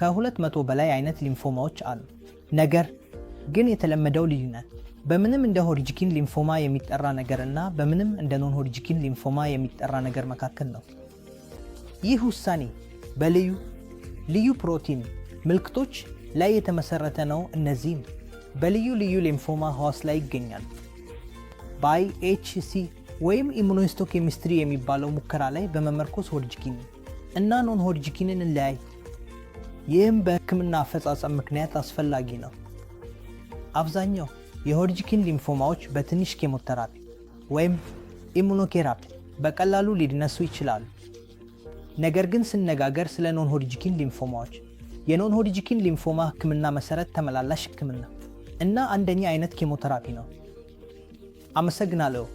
ከሁለት መቶ በላይ አይነት ሊምፎማዎች አሉ። ነገር ግን የተለመደው ልዩነት በምንም እንደ ሆሪጅኪን ሊምፎማ የሚጠራ ነገር እና በምንም እንደ ኖን ሆሪጅኪን ሊምፎማ የሚጠራ ነገር መካከል ነው። ይህ ውሳኔ በልዩ ልዩ ፕሮቲን ምልክቶች ላይ የተመሰረተ ነው። እነዚህም በልዩ ልዩ ሊምፎማ ህዋስ ላይ ይገኛሉ። በአይኤችሲ ወይም ኢሙኖስቶኬሚስትሪ የሚባለው ሙከራ ላይ በመመርኮስ ሆሪጅኪን እና ኖን ሆሪጅኪንን እንለያይ። ይህም በህክምና አፈጻጸም ምክንያት አስፈላጊ ነው። አብዛኛው የሆድጅኪን ሊምፎማዎች በትንሽ ኬሞቴራፒ ወይም ኢሙኖቴራፒ በቀላሉ ሊድነሱ ይችላሉ። ነገር ግን ስነጋገር ስለ ኖን ሆድጅኪን ሊምፎማዎች የኖን ሆድጅኪን ሊምፎማ ህክምና መሰረት ተመላላሽ ህክምና እና አንደኛ አይነት ኬሞቴራፒ ነው። አመሰግናለሁ።